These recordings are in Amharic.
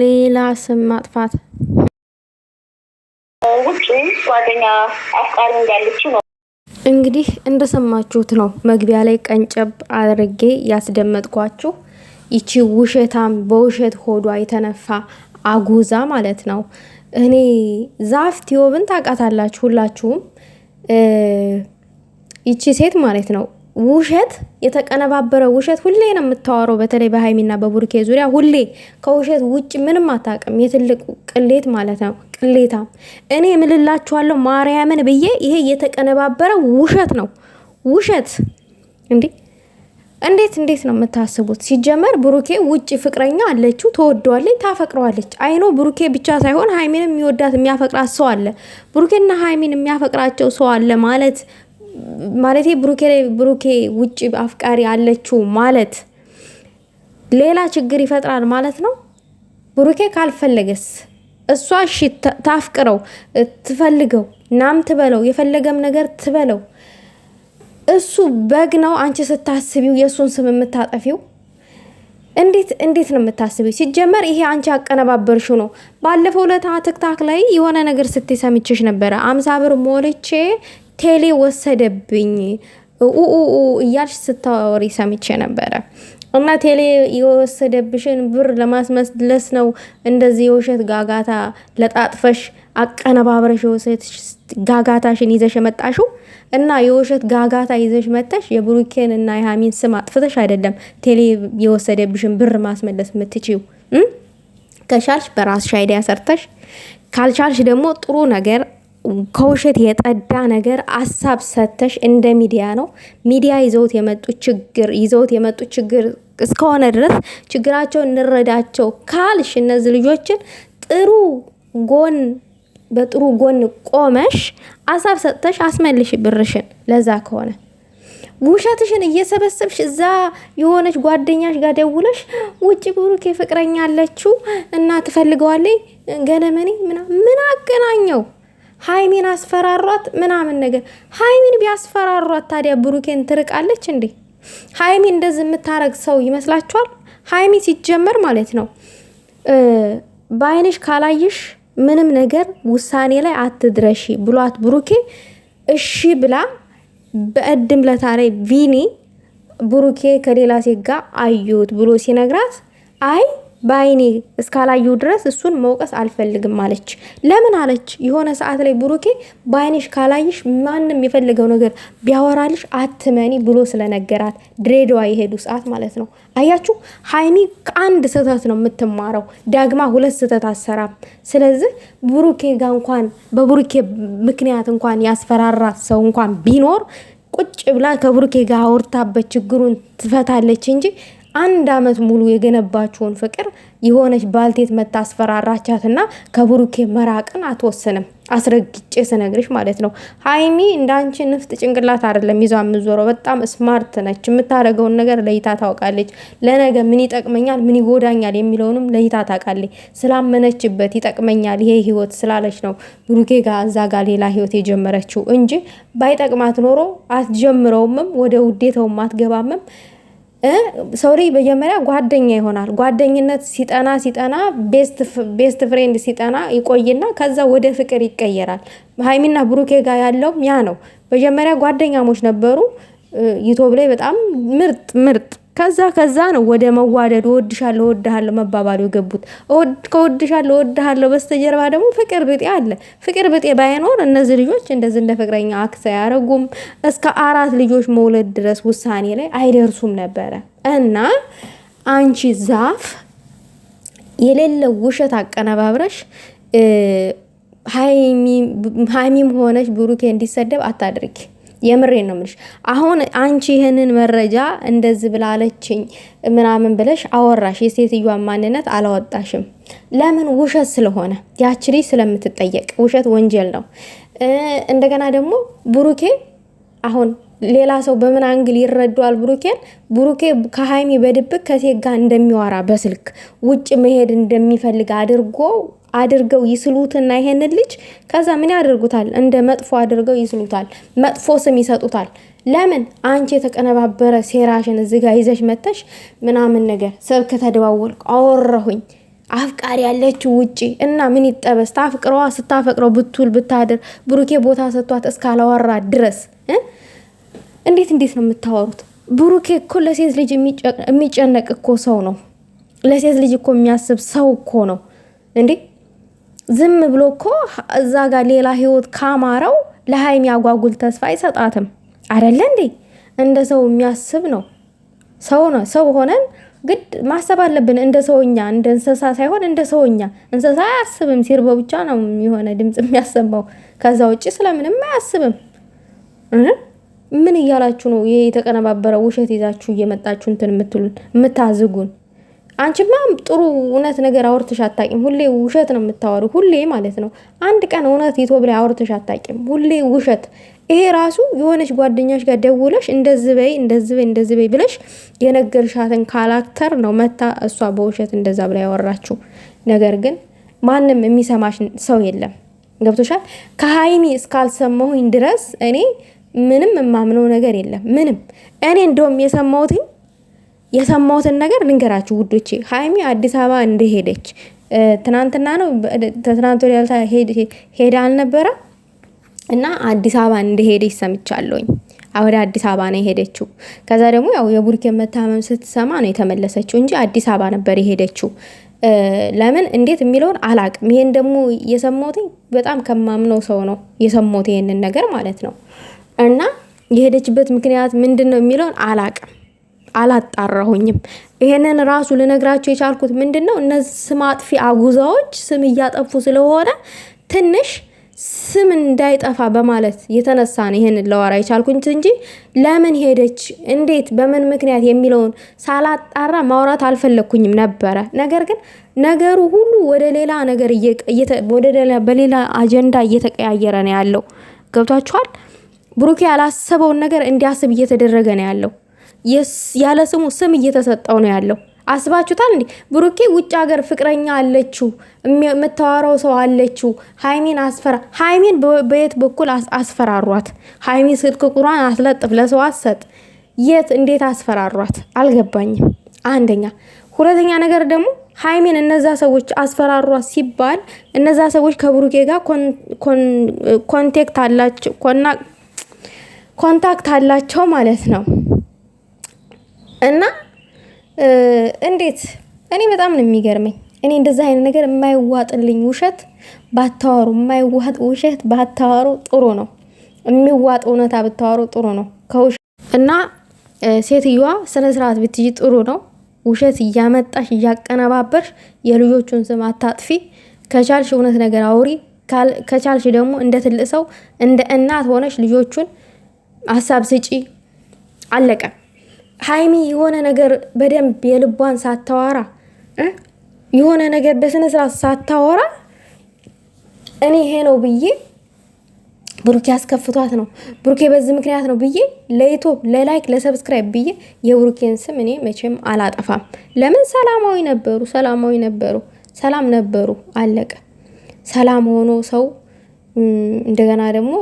ሌላ ስም ማጥፋት ውጭ ጓደኛ አፍቃሪ እንዳለች ነው። እንግዲህ እንደሰማችሁት ነው። መግቢያ ላይ ቀንጨብ አድርጌ ያስደመጥኳችሁ ይቺ ውሸታም በውሸት ሆዷ የተነፋ አጉዛ ማለት ነው። እኔ ዛፍ ቲዮብን ታውቃታላችሁ ሁላችሁም። ይቺ ሴት ማለት ነው ውሸት የተቀነባበረ ውሸት ሁሌ ነው የምታዋረው በተለይ በሀይሚና በቡርኬ ዙሪያ ሁሌ ከውሸት ውጭ ምንም አታውቅም። የትልቅ ቅሌት ማለት ነው፣ ቅሌታ። እኔ ምልላችኋለሁ ማርያምን ብዬ ይሄ የተቀነባበረ ውሸት ነው። ውሸት እንዴ! እንዴት እንዴት ነው የምታስቡት? ሲጀመር ብሩኬ ውጭ ፍቅረኛ አለችው፣ ተወደዋለች፣ ታፈቅረዋለች። አይኖ ብሩኬ ብቻ ሳይሆን ሀይሚን የሚወዳት የሚያፈቅራት ሰው አለ። ብሩኬና ሀይሚን የሚያፈቅራቸው ሰው አለ ማለት ማለት ብሩኬ ብሩኬ ውጭ አፍቃሪ አለችው ማለት ሌላ ችግር ይፈጥራል ማለት ነው። ብሩኬ ካልፈለገስ እሷ እሺ ታፍቅረው ትፈልገው ናም ትበለው የፈለገም ነገር ትበለው። እሱ በግ ነው። አንቺ ስታስቢው የእሱን ስም የምታጠፊው እንዴት እንዴት ነው የምታስቢው? ሲጀመር ይሄ አንቺ አቀነባበርሽው ነው። ባለፈው ለታ ትክታክ ላይ የሆነ ነገር ስትሰምችሽ ነበረ አምሳ ብር ሞልቼ ቴሌ ወሰደብኝ ኡኡኡ እያልሽ ስታወሪ ሰምቼ ነበረ። እና ቴሌ የወሰደብሽን ብር ለማስመለስ ነው እንደዚህ የውሸት ጋጋታ ለጣጥፈሽ አቀነባብረሽ የውሸት ጋጋታሽን ይዘሽ የመጣሽው እና የውሸት ጋጋታ ይዘሽ መተሽ የብሩኬን እና የሃሚን ስም አጥፍተሽ አይደለም ቴሌ የወሰደብሽን ብር ማስመለስ የምትችው። ከቻልሽ በራስሽ አይዲያ ሰርተሽ ካልቻልሽ ደግሞ ጥሩ ነገር ከውሸት የጠዳ ነገር አሳብ ሰተሽ እንደ ሚዲያ ነው ሚዲያ ይዘውት የመጡት ችግር ይዘውት የመጡት ችግር እስከሆነ ድረስ ችግራቸው እንረዳቸው ካልሽ እነዚህ ልጆችን ጥሩ ጎን በጥሩ ጎን ቆመሽ አሳብ ሰጥተሽ አስመልሽ ብርሽን። ለዛ ከሆነ ውሸትሽን እየሰበሰብሽ እዛ የሆነች ጓደኛሽ ጋር ደውለሽ ውጭ ብሩክ የፍቅረኛ አለችው እና ትፈልገዋለች ገለመኔ ምና ምን አገናኘው? ሀይሚን አስፈራሯት ምናምን ነገር። ሀይሚን ቢያስፈራሯት ታዲያ ብሩኬን ትርቃለች እንዴ? ሀይሚ እንደዚህ የምታረግ ሰው ይመስላችኋል? ሀይሚ ሲጀመር ማለት ነው በአይንሽ ካላይሽ ምንም ነገር ውሳኔ ላይ አትድረሺ ብሏት ብሩኬ እሺ ብላ በእድም ለታሬ ቪኒ ብሩኬ ከሌላ ሴት ጋር አዩት ብሎ ሲነግራት አይ በአይኔ እስካላዩ ድረስ እሱን መውቀስ አልፈልግም አለች። ለምን አለች? የሆነ ሰዓት ላይ ብሩኬ በአይንሽ ካላይሽ ማንም የፈለገው ነገር ቢያወራልሽ አትመኒ ብሎ ስለነገራት ድሬዳዋ የሄዱ ሰዓት ማለት ነው። አያችሁ፣ ሀይሚ ከአንድ ስህተት ነው የምትማረው። ዳግማ ሁለት ስህተት አሰራም። ስለዚህ ብሩኬ ጋ እንኳን በብሩኬ ምክንያት እንኳን ያስፈራራት ሰው እንኳን ቢኖር ቁጭ ብላ ከብሩኬ ጋር አውርታበት ችግሩን ትፈታለች እንጂ አንድ አመት ሙሉ የገነባችውን ፍቅር የሆነች ባልቴት መታ አስፈራራቻትና ከብሩኬ መራቅን አትወስንም። አስረግጬ ስነግርሽ ማለት ነው። ሀይሚ እንዳንቺ ንፍጥ ጭንቅላት አይደለም ይዛ የምዞረው። በጣም ስማርት ነች። የምታደርገውን ነገር ለይታ ታውቃለች። ለነገ ምን ይጠቅመኛል፣ ምን ይጎዳኛል የሚለውንም ለይታ ታውቃለች። ስላመነችበት ይጠቅመኛል ይሄ ህይወት ስላለች ነው ብሩኬ ጋ እዛ ጋ ሌላ ህይወት የጀመረችው እንጂ ባይጠቅማት ኖሮ አትጀምረውምም፣ ወደ ውዴተውም አትገባምም። ሰው ልጅ መጀመሪያ ጓደኛ ይሆናል። ጓደኝነት ሲጠና ሲጠና ቤስት ፍሬንድ ሲጠና ይቆይና ከዛ ወደ ፍቅር ይቀየራል። ሀይሚና ብሩኬ ጋር ያለውም ያ ነው። መጀመሪያ ጓደኛሞች ነበሩ። ዩቲዩብ ላይ በጣም ምርጥ ምርጥ ከዛ ከዛ ነው ወደ መዋደድ እወድሻለሁ እወድሃለሁ መባባሉ የገቡት። ከወድሻለሁ እወድሃለሁ በስተጀርባ ደግሞ ፍቅር ብጤ አለ። ፍቅር ብጤ ባይኖር እነዚህ ልጆች እንደዚህ እንደ ፍቅረኛ አክስ አያረጉም። እስከ አራት ልጆች መውለድ ድረስ ውሳኔ ላይ አይደርሱም ነበረ እና አንቺ ዛፍ የሌለ ውሸት አቀነባብረሽ ሀይሚም ሆነች ብሩኬ እንዲሰደብ አታድርጊ። የምሬን ነው የምልሽ። አሁን አንቺ ይህንን መረጃ እንደዚህ ብላለችኝ ምናምን ብለሽ አወራሽ፣ የሴትዮዋን ማንነት አላወጣሽም። ለምን? ውሸት ስለሆነ ያችሪ ልጅ ስለምትጠየቅ። ውሸት ወንጀል ነው። እንደገና ደግሞ ብሩኬ አሁን ሌላ ሰው በምን አንግል ይረዷል? ብሩኬን ብሩኬ ከሀይሚ በድብቅ ከሴት ጋር እንደሚዋራ በስልክ ውጭ መሄድ እንደሚፈልግ አድርጎ አድርገው ይስሉትና ይሄንን ልጅ ከዛ ምን ያደርጉታል? እንደ መጥፎ አድርገው ይስሉታል፣ መጥፎ ስም ይሰጡታል። ለምን አንቺ የተቀነባበረ ሴራሽን እዚህ ጋር ይዘሽ መተሽ ምናምን ነገር ስልክ ተደዋወልኩ አወረሁኝ አፍቃሪ ያለችው ውጪ እና ምን ይጠበስ ታፍቅረዋ ስታፈቅረው ብትውል ብታድር ብሩኬ ቦታ ሰጥቷት እስካላወራ ድረስ እንዴት እንዴት ነው የምታወሩት? ብሩኬ እኮ ለሴት ልጅ የሚጨነቅ እኮ ሰው ነው። ለሴት ልጅ እኮ የሚያስብ ሰው እኮ ነው እንዴ ዝም ብሎ እኮ እዛ ጋር ሌላ ህይወት ካማረው ለሀይሚ ያጓጉል ተስፋ አይሰጣትም አደለ እንዴ? እንደ ሰው የሚያስብ ነው። ሰው ነው። ሰው ሆነን ግድ ማሰብ አለብን። እንደ ሰውኛ እንደ እንስሳ ሳይሆን እንደ ሰውኛ። እንስሳ አያስብም፣ ሲርበው ብቻ ነው የሆነ ድምፅ የሚያሰማው። ከዛ ውጭ ስለምንም አያስብም። ምን እያላችሁ ነው የተቀነባበረ ውሸት ይዛችሁ እየመጣችሁ እንትን የምትሉን የምታዝጉን? አንቺማ ጥሩ እውነት ነገር አውርተሽ አታቂም። ሁሌ ውሸት ነው የምታወሩ፣ ሁሌ ማለት ነው። አንድ ቀን እውነት ይቶ ብለ አውርተሽ አታቂም፣ ሁሌ ውሸት። ይሄ ራሱ የሆነች ጓደኛሽ ጋር ደውለሽ እንደዚህ በይ እንደዚህ በይ እንደዚህ በይ ብለሽ የነገርሻትን ካራክተር ነው መታ እሷ በውሸት እንደዛ ብላ ያወራችሁ። ነገር ግን ማንም የሚሰማሽ ሰው የለም። ገብቶሻል። ከሀይሚ እስካልሰማሁኝ ድረስ እኔ ምንም የማምነው ነገር የለም። ምንም እኔ እንደውም የሰማሁትኝ የሰማሁትን ነገር ልንገራችሁ ውዶቼ። ሀይሚ አዲስ አበባ እንደሄደች ትናንትና ነው ትናንት ወዲያ ሄዳ አልነበረ እና አዲስ አበባ እንደሄደች ሰምቻለሁኝ። ወደ አዲስ አበባ ነው የሄደችው። ከዛ ደግሞ ያው የቡርኬ መታመም ስትሰማ ነው የተመለሰችው እንጂ አዲስ አበባ ነበር የሄደችው። ለምን እንዴት የሚለውን አላቅም። ይሄን ደግሞ የሰማሁት በጣም ከማምነው ሰው ነው የሰማሁት ይሄንን ነገር ማለት ነው። እና የሄደችበት ምክንያት ምንድን ነው የሚለውን አላቅም። አላጣራሁኝም። ይሄንን ራሱ ልነግራቸው የቻልኩት ምንድን ነው እነዚህ ስም አጥፊ አጉዛዎች ስም እያጠፉ ስለሆነ ትንሽ ስም እንዳይጠፋ በማለት የተነሳ ነው ለዋራ የቻልኩት እንጂ ለምን ሄደች፣ እንዴት፣ በምን ምክንያት የሚለውን ሳላጣራ ማውራት አልፈለግኩኝም ነበረ። ነገር ግን ነገሩ ሁሉ ወደ ሌላ ነገር ወደ በሌላ አጀንዳ እየተቀያየረ ነው ያለው። ገብቷችኋል? ብሩኬ ያላሰበውን ነገር እንዲያስብ እየተደረገ ነው ያለው። ያለ ስሙ ስም እየተሰጠው ነው ያለው። አስባችሁታል እንዴ? ብሩኬ ውጭ ሀገር ፍቅረኛ አለችው የምታወራው ሰው አለችው። ሀይሚን አስፈራ ሀይሜን በየት በኩል አስፈራሯት? ሀይሚን ስልክ ቁጥሯን አስለጥፍ ለሰው አሰጥ። የት እንዴት አስፈራሯት? አልገባኝም። አንደኛ ሁለተኛ ነገር ደግሞ ሀይሚን እነዛ ሰዎች አስፈራሯት ሲባል እነዛ ሰዎች ከብሩኬ ጋር አላቸው ኮንታክት አላቸው ማለት ነው። እና እንዴት እኔ በጣም ነው የሚገርመኝ። እኔ እንደዛ አይነት ነገር የማይዋጥልኝ ውሸት ባታዋሩ፣ የማይዋጥ ውሸት ባታዋሩ ጥሩ ነው። የሚዋጥ እውነታ ብታዋሩ ጥሩ ነው እና ሴትዮዋ ስነ ስርዓት ብትይ ጥሩ ነው። ውሸት እያመጣሽ እያቀነባበርሽ የልጆቹን ስም አታጥፊ። ከቻልሽ እውነት ነገር አውሪ። ከቻልሽ ደግሞ እንደ ትልቅ ሰው እንደ እናት ሆነሽ ልጆቹን ሀሳብ ስጪ። አለቀን ሀይሚ የሆነ ነገር በደንብ የልቧን ሳታወራ የሆነ ነገር በስነ ስርዓት ሳታወራ እኔ ይሄ ነው ብዬ ብሩኬ አስከፍቷት ነው ብሩኬ በዚህ ምክንያት ነው ብዬ ለይቶ ለላይክ ለሰብስክራይብ ብዬ የብሩኬን ስም እኔ መቼም አላጠፋም። ለምን ሰላማዊ ነበሩ፣ ሰላማዊ ነበሩ፣ ሰላም ነበሩ። አለቀ። ሰላም ሆኖ ሰው እንደገና ደግሞ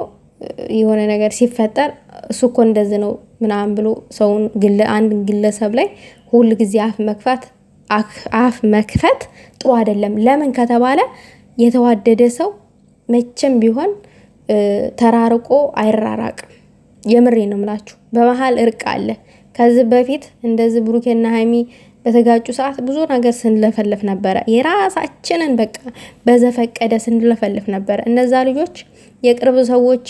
የሆነ ነገር ሲፈጠር እሱ እኮ እንደዚህ ነው ምናምን ብሎ ሰውን አንድ ግለሰብ ላይ ሁል ጊዜ አፍ መክፈት አፍ መክፈት ጥሩ አይደለም። ለምን ከተባለ የተዋደደ ሰው መቼም ቢሆን ተራርቆ አይራራቅም። የምሬ ነው ምላችሁ? በመሀል እርቅ አለ። ከዚህ በፊት እንደዚህ ብሩኬና ሀይሚ በተጋጩ ሰዓት ብዙ ነገር ስንለፈልፍ ነበረ። የራሳችንን በቃ በዘፈቀደ ስንለፈልፍ ነበረ። እነዛ ልጆች የቅርብ ሰዎች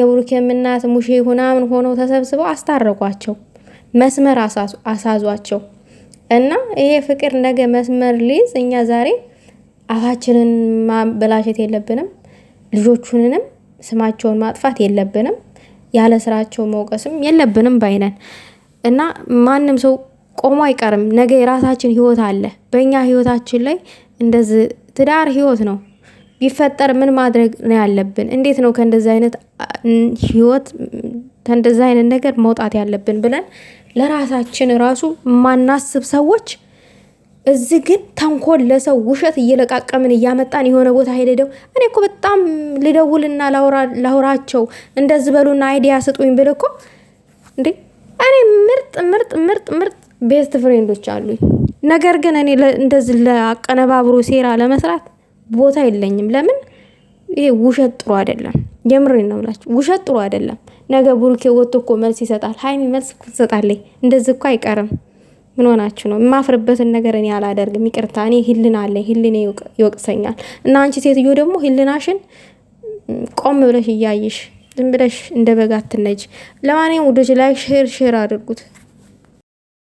የብሩኬም እናት ሙሼ ሁናምን ሆነው ተሰብስበው አስታረቋቸው፣ መስመር አሳዟቸው እና ይሄ ፍቅር ነገ መስመር ሊይዝ እኛ ዛሬ አፋችንን ማበላሸት የለብንም። ልጆቹንንም ስማቸውን ማጥፋት የለብንም። ያለ ስራቸው መውቀስም የለብንም ባይነን እና ማንም ሰው ቆሞ አይቀርም። ነገ የራሳችን ህይወት አለ። በእኛ ህይወታችን ላይ እንደዚህ ትዳር ህይወት ነው። ቢፈጠር ምን ማድረግ ነው ያለብን? እንዴት ነው ከእንደዚህ አይነት ህይወት ከእንደዚህ አይነት ነገር መውጣት ያለብን ብለን ለራሳችን ራሱ ማናስብ ሰዎች እዚህ ግን ተንኮል ለሰው ውሸት እየለቃቀምን እያመጣን የሆነ ቦታ ሄደደው እኔ እኮ በጣም ልደውልና ላውራቸው እንደዚህ በሉና አይዲያ ስጡኝ ብል እኮ እንዴ እኔ ምርጥ ምርጥ ምርጥ ምርጥ ቤስት ፍሬንዶች አሉኝ። ነገር ግን እኔ እንደዚህ ለአቀነባብሮ ሴራ ለመስራት ቦታ የለኝም። ለምን ይሄ ውሸት ጥሩ አይደለም። የምሬ ነው ብላችሁ ውሸት ጥሩ አይደለም። ነገ ብሩኬ ወጥቶ እኮ መልስ ይሰጣል። ሀይሚ መልስ እኮ ትሰጣለች። እንደዚህ እኮ አይቀርም። ምን ሆናችሁ ነው? የማፍርበትን ነገር እኔ አላደርግም። ይቅርታ፣ እኔ ህልና አለኝ። ህሊኔ ይወቅሰኛል። እና አንቺ ሴትዮ ደግሞ ህልናሽን ቆም ብለሽ እያየሽ ዝም ብለሽ እንደ በጋ አትነጂ። ለማንኛውም ውዶች ላይ ሼር ሼር አድርጉት።